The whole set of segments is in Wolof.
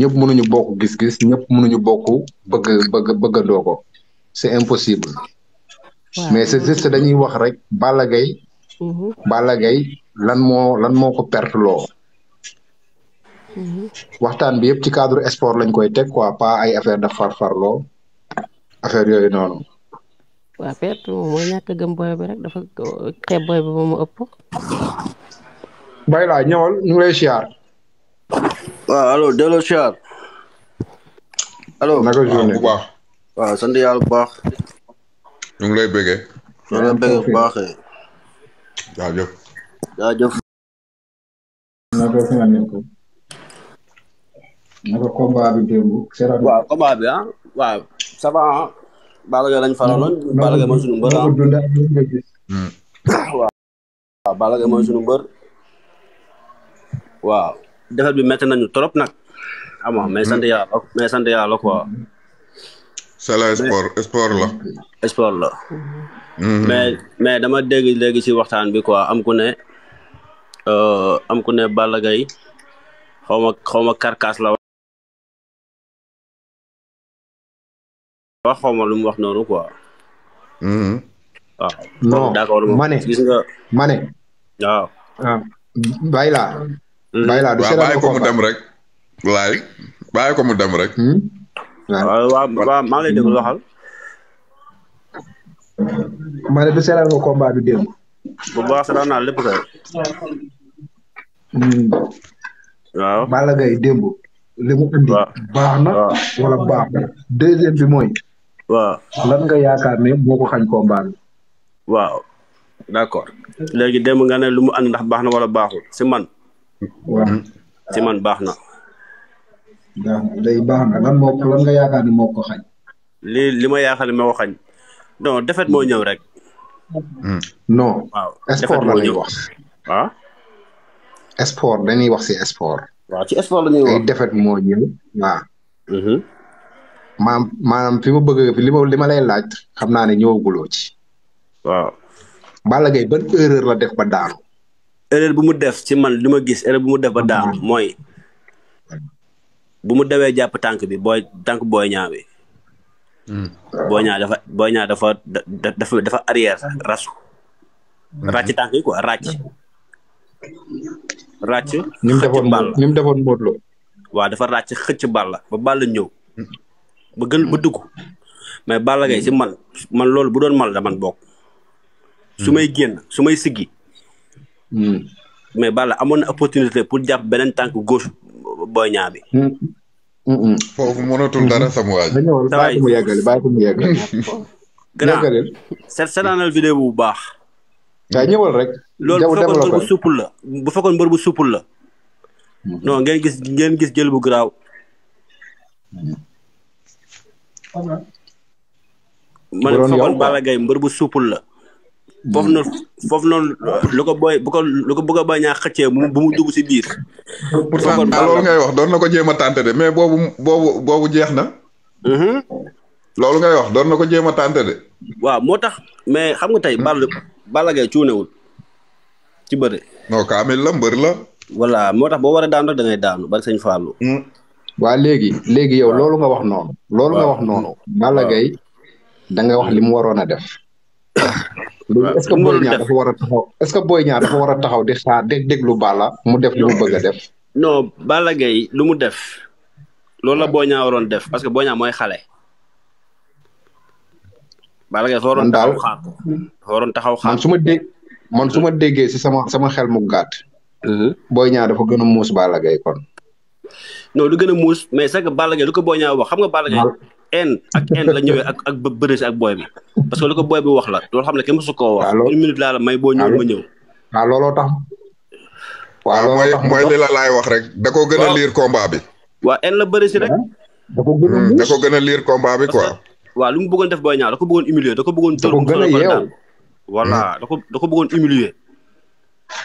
ñëpp mënuñu bokk gis-gis ñëpp mënuñu bokk bëgg bëgg bëggandoo ko c'est impossible wow. mais c'est juste dañuy wax rek bàlla gay mhm. bàlla gay lan moo lan moo ko perte loo mhm. waxtaan bi yëpp ci cadre sport lañ koy teg quoi pas ay affaire de loo affaire yooyu noonu waa perte moom mooy ñàkk gëm boy bi rek dafa xeeb boy bi ba mu ëpp bay laa ñëwal ñu lay siyaar waa ah, alo delloo siyaar allo naka journée ah, baax waaw ah, sant bu baax ñu ngi lay bëggee ñu ngi lay bëggee bu baax jaajëf jaajëf naka fi nga nekk naka combat waaw combat bi ah waaw lañ faraloon Balla Gaye mooy suñu mbër ah hmm. waaw Balla Gaye mooy suñu mbër waaw defet bi métti nañu trop nag. ama ah mais sant hmm. yàlla mais sant yàlla quoi. c'est la sport la. sport la. Hmm. mais dama dégg léegi ci waxtaan bi quoi am ku ne euh, am ku ne Balla Gaye xaw xaw ma karkaas la wax xaw ma lu mu wax noonu quoi. Hmm. waaw non ma ne bàyyi laa du ko mu dem rek. laay bàyyi ko mu nga combat bi démb. bu baax seetaan naa lépp kay. Hmm. waaw Balla Gaye démb. baax na. wala baax na deuxième bi mooy. waaw lan nga yaakaar ne moo ko xañ combat bi. waaw d' accord léegi démb nga ne lu mu andi ndax baax na wala baaxul si man. waaw ci man baax na. waaw baax na lan moo yaakaar ni moo ko xañ. li li ma yaakaar ni moo ko xañ. non defet moo ñëw rek. Hmm. no spor sport la ñuy wax. ah. spor dañuy wax si sport. waaw ci sport la defet moo ñëw waaw. Mm-hmm. maam maanaam fi ma bëgg li ma li ma lay laaj xam naa ne ñëwaguloo ci. waaw. Balla Gaye ban erreur la def ba daanu. erreur bu mu def ci man li gis erreur bu mu def ba daanu moy bu mu dewe japp tank bi boy tank boy ñaa bi hmm. boy ñaa dafa boy ñaa dafa dafa dafa arrière rasu hmm. raci tank yi quoi ràcc ràcc nim defon ball nim defon modlo wa dafa ràcc xëcc ball ba ball ñew hmm. ba gën ba dugg mais ball gay ci man man lool bu doon man da man bok sumay genn sumay sigi mais bala amoon na opportunité pour jàpp beneen tànk gauche Boy Niang bi. Mm. Mm, mm. foofu mënatul dara sama waay. bàyyi ko mu vidéo bu baax. waaw ñëwal rek. loolu bu fekkoon mbër bu suppul la bu fekkoon mbër bu suppul la. Mm-hmm. non ngeen gis ngeen gis jël bu garaaw. Mm-hmm. ma ne bu suppul la. foofu noonu foofu noonu lu ko booy bu ko lu ko bëgg a bañ a xëccee bu mu dugg si biir. pourtant loolu ngay wax doon na ko jéem a tànte de mais boobu boobu boobu jeex na. loolu ngay wax doon na ko jéem a tànte de. waaw moo tax mais xam nga tey. Mm. Balla Balla Gaye cuunewul ci bëre. non kaamil la mbër la. voilà moo tax boo waree daanu rek da ngay daanu bari sëñ Fallou. Mm. waa léegi léegi yow loolu nga wax noonu. loolu nga wax noonu. Balla Gaye da nga wax li mu waroon a def. est ce que Boy Niang dafa war a taxaw est ce que Boy Niang dafa war a taxaw di xaar di déglu Balla mu def lu mu bëgg a def. non Balla Gaye lu mu def loolu la Boy Niang waroon def parce que Boy Niang mooy xale. Balla Gaye dafa waroon taxaw xaar waroon taxaw xaar man su ma dégg man su ma déggee si sama sama xel mu gàtt. Mhm. Boy Niang dafa gën a muus bala gay kon. non du gën a muus mais c'est que Balla Gaye lu ko Boy Niang xam nga bala Gaye. en ak en la ñëwee ak ak ak booy bi parce que li ko booy bi wax la loolu xam ne kenn mësu koo wax. une may boo ñëw ma ah, ñëw. waaw looloo tax. waaw mooy mooy la laay wax rek. da ko gën liir combat bi. waa en la bëre rek. Hmm. da ko gën a hmm, da ko gën a liir combat bi quoi. waaw lu mu bëggoon def booy ñaar da ko bëggoon humilier da ko bëggoon. da ko gën a yeew voilà hmm. da ko da ko bëggoon humilier.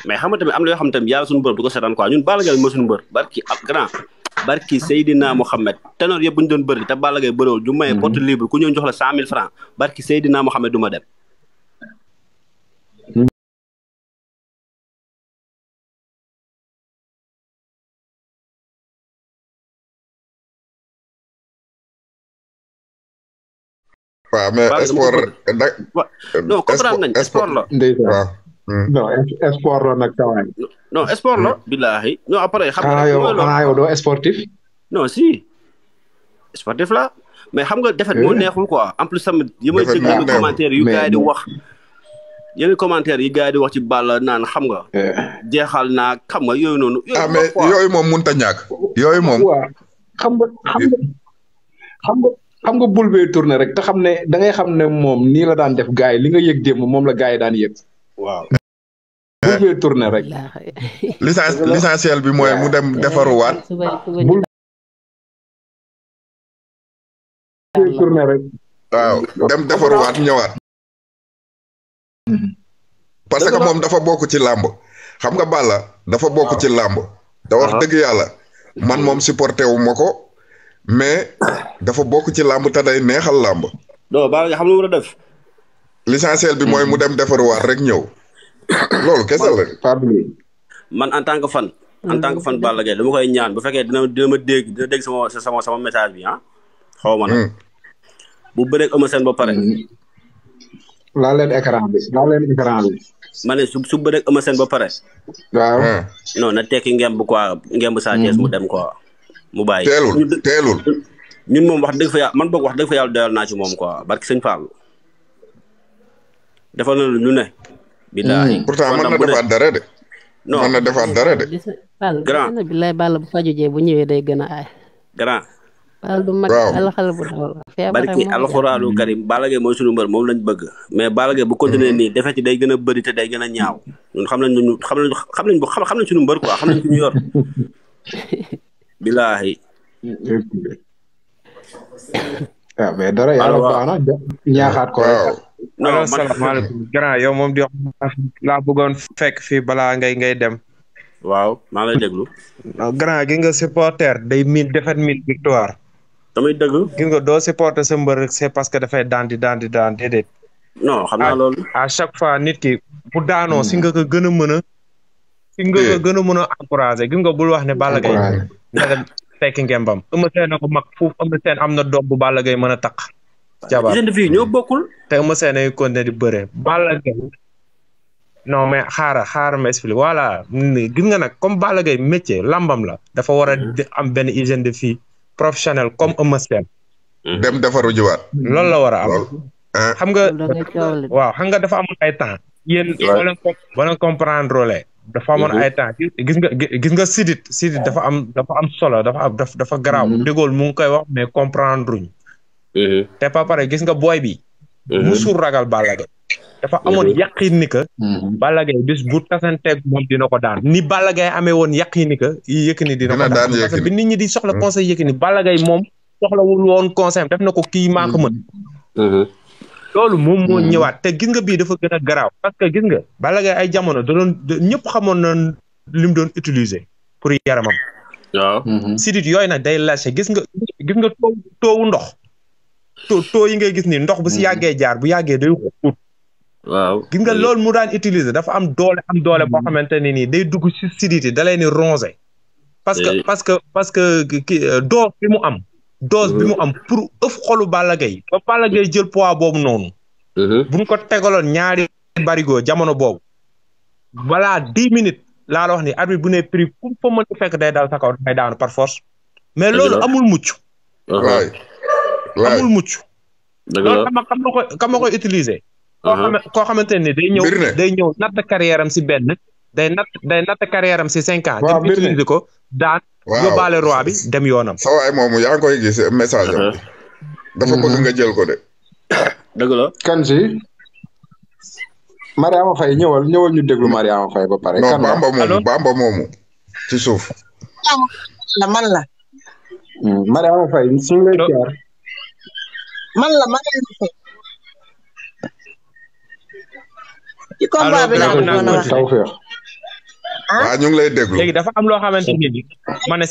mais xam nga am na yoo xam tamit yàlla suñu bërëb du ko seetaan quoi ñun Balla Gaye mooy suñu bër barki ab grand barki Seydina Mohamed ténor yëpp bu ñu doon bëri te Balla Gaye bëriwul du maye mhm. porte libre ku ñëw jox cent mille franc barki Seydina Mohamed du dem. waaw mais nañ sport la. Hmm. non sport la nag tawaay. sport la. Hmm. billaahi non après. xam nga yow xanaa yow sportif. non si sportif la mais xam nga defet moo eh? neexul quoi en plus tamit yi may sëg yu gars di wax yenn yi gars di wax ci Balla naan xam nga eh. jeexal naa xam nga yooyu noonu ah, mais yooyu moom mënta ñàkk yooyu moom xam nga xam nga xam nga xam nga bul bee tourné rek te xam ne da ngay xam ne moom nii la daan def gars yi li nga yëg démb moom la gars yi daan yëg waaw. bul tourné rek. l'essentiel bi mooy mu dem defaruwaat. bul tourné rek. waaw dem defaruwaat ñëwaat. parce que moom dafa bokk ci làmb xam nga Balla dafa bokk ci làmb te wax dëgg yàlla man moom supporté wu ma ko mais dafa bokk ci làmb te day neexal làmb. non Balla xam nga lu war def l'essentiel bi mooy mu dem defaruwaat rek ñëw loolu kese la man en tant que fan en tant que fan Balla Gaye dama koy ñaan bu fekkee dina dina ma dégg dina dégg sama sama sama message bi ah xawma ma nag hmm. bu bëreeg Eumeu Sène ba pare hmm. la leen écran bi la leen écran bi ma ne su su bëreeg Eumeu Sène ba pare waaw hmm. non na tekki ngemb quoi ngemb Sa Thiès mu dem quoi mu bàyyi teelul teelul ñun moom wax dëgg fa yàlla man boog wax dëgg fa yàlla doyal naa ci moom quoi barki sëñ Fall defal na lu ñu ne. bilaay mm. pourtant mën na defaat dara de. non mën na defaat dara de. grand bilaay Balla bu fa jojee bu ñëwee day gën a aay. grand. Balla du mag alxal bu ndaw la. barki alxuraanu mm. karim Balla Gaye mooy sunu mbër moom lañ bëgg. mais Balla Gaye bu continuer mm. nii defet yi day gën a bëri te day gën a ñaaw. xam nañ ñu xam nañ xam nañ xam nañ sunu mbër quoi xam nañ suñu yor. bilaay. waaw ah, mais dara yàlla baax na ñaaxaat ko. non man salaamaaleykum grand yow moom di wax laa bëggoon fekk fii balaa ngay ngay dem. waaw maa lay déglu. grand gi nga supporter day mille défaite mille victoire. damay dëgg. nga doo supporter sa mbër rek c'est parce que dafay daan di daan di daan déedéet. non à chaque fois nit ki bu daanoo si nga ko gën a mën a. si nga ko hmm. gën a mën a encouragé gis nga bul wax ne Balla Gaye. fekk ngembam. Eumeu Sène am na doom bu Balla Gaye mën a taq. jabar hygiène de ñoo bokkul. te ma seen ay continuer di bëre. Balla Gaye non mais xaaral xaaral ma expliqué voilà gis nga nag comme Balla Gaye métier lambam la. dafa war a mm-hmm. am benn hygiène de vie professionnel comme Eumeu Sène. Mm-hmm. dem defaru jiwaat. loolu la war a am. xam nga waaw xam nga dafa amoon ay temps. yéen ba leen comprendre loolee. dafa mm-hmm. ay temps gis nga gis nga sidit sidit dafa am dafa am solo dafa am dafa garaaw. dégool mu ngi koy wax mais comprendre luñ. Uh-huh. te ba pare gis nga booy bi. Uh-huh. musul ragal Balla Gaye dafa uh-huh. amoon yaqin ni que. Balla Gaye bis bu tasanteeg moom dina ko daan. ni Balla Gaye amee woon yaqin yi que Yékini dina ko daan parce que bi nit ñi di soxla conseil Yékini Balla Gaye moom soxlawul woon conseil def na ko kii maa ko mën. loolu moom ñëwaat te gis nga bii dafa gën garaaw. parce que nga Balla ay jamono da doon ñëpp xamoon na li mu doon utiliser pour yaramam. waaw sidit yooyu nag day lâché gis nga gis nga toowu ndox. taux taux yi ngay gis ni ndox bu si hmm. yàggee jaar bu yàggee day xuut waaw gis nga loolu mu daan utiliser dafa am doole am doole boo hmm. xamante ne nii day dugg si sidit yi da leen ni parce que parce que parce que ki euh, dose bi mu am dose bi mu hmm. am pour ëf xolu Balla Gaye ba Balla Gaye jël poids boobu noonu buñ ko tegaloon ñaari barigo jamono boobu balaa dix minutes laa la wax ni arbitre bu ne pris ku fa mën fekk day daal sa kaw day daanu par force mais loolu amul mucc uh-huh. amul mucc. dëgg la loolu xam koy utiliser. koo uh-huh. xam koo xamante ne day ñëw day ñëw carrière am si benn. day natt day natt carrière am si cinq ans. waaw utiliser ko daan. yoonam. sa waay moomu yaa ngi uh-huh. dafa bëgg nga jël ko de. dëgg kan si. Mariama Faye ñëwal ñëwal ñu déglu Mariama Faye ba pare. non Bamba moomu ci suuf. man la man la a wax ah? waaw ñu ngi lay déglu léegi dafa am loo xamante ni bi ma ne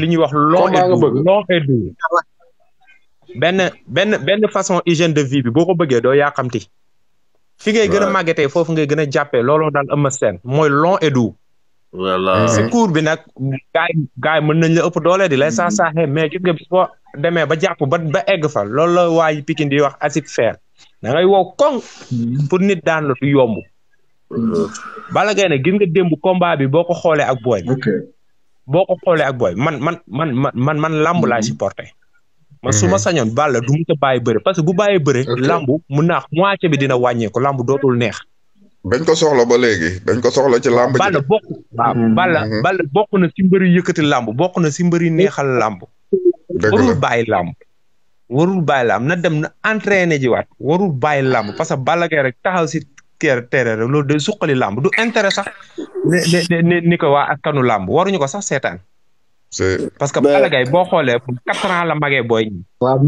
li ñuy wax long et doux long et doux benn benn benn façon hygiène de vie bi boo ko bëggee doo yàqamti fi ngay gën a màggetee foofu ngay gën a jàppee looloo daal ëmma seen mooy long et doux voilà eh, si cours bi nag. gaay gaay mën nañ la ëpp doole di lay hmm. saax saaxee mais gis nga bis boo demee ba jàpp ba ba egg fa loolu la waay yi di wax acide fer da ngay wow koŋ hmm. pour nit daan la yomb. Hmm. Balla Gaye gis nga démb combat bi boo ko xoolee ak booy. boo ko xoolee ak booy man man man man man man làmb laay supporté. man su ma sañoon Balla du mu sa bàyyi parce que bu bàyyi bëre. lambu mu naax moitié bi dina wàññeeku lamb dootul neex. dañ ko soxla ba léegi dañ ko soxla ci làmb. Mm-hmm. Mm-hmm. Balla bokk waaw Balla na si mbëri yëkkati làmb bokk na si mbëri neexal làmb. dëgg warul bàyyi làmb. warul bàyyi na dem na entraîné ji waat warul bàyyi làmb parce que Balla Gaye rek taxaw si teer teere rek loolu day suqali làmb du intérêt sax ne ne ni ko waa askanu làmb waruñu ko sax seetaan. parce que Balla Gaye boo xoolee pour quatre ans la magee booy ñi. waaw.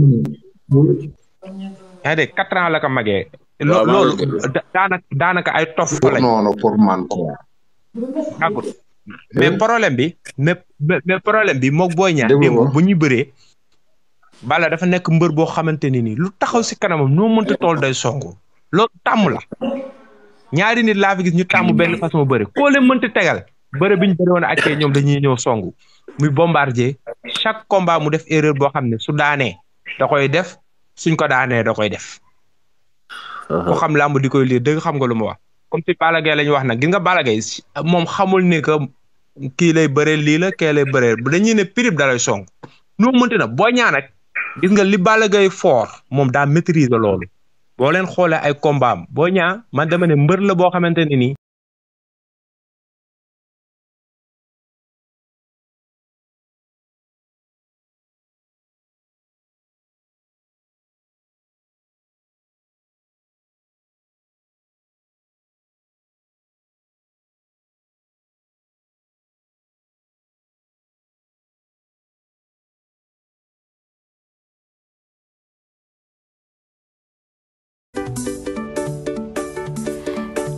yaa quatre ans la ko magee loolu gitu. daanaka daanaka ay tof lañ eh. non eh? pour man d'accord mais problème bi mais mais problème bi mook booy ñaar démb bu ñu bëree bala dafa nekk mbër boo xamante ni nii lu taxaw si kanamam noo mënta tool day songu loolu tàmm la ñaari nit laa fi gis ñu tàmm benn façon bëre koo leen mënta tegal bëre bi ñu bëri woon ak ñoom dañuy ñëw songu muy bombardier chaque combat mu def erreur boo xam ne su daanee da koy def suñ ko daanee da koy def ku xam lamb di koy liir dëgg xam nga lu ma wax. comme si Balla Gaye la ñu wax na gis nga Balla Gaye moom xamul ni que kii lay bëree lii la kee lay bëree dañuy ne prix dalay song. nu mënti na boo ñaan rek gis nga li bala Gaye foor moom daa maîtriser loolu. boo leen xoolee ay combat boo ñaa man dama ne mbër la boo xamante ne nii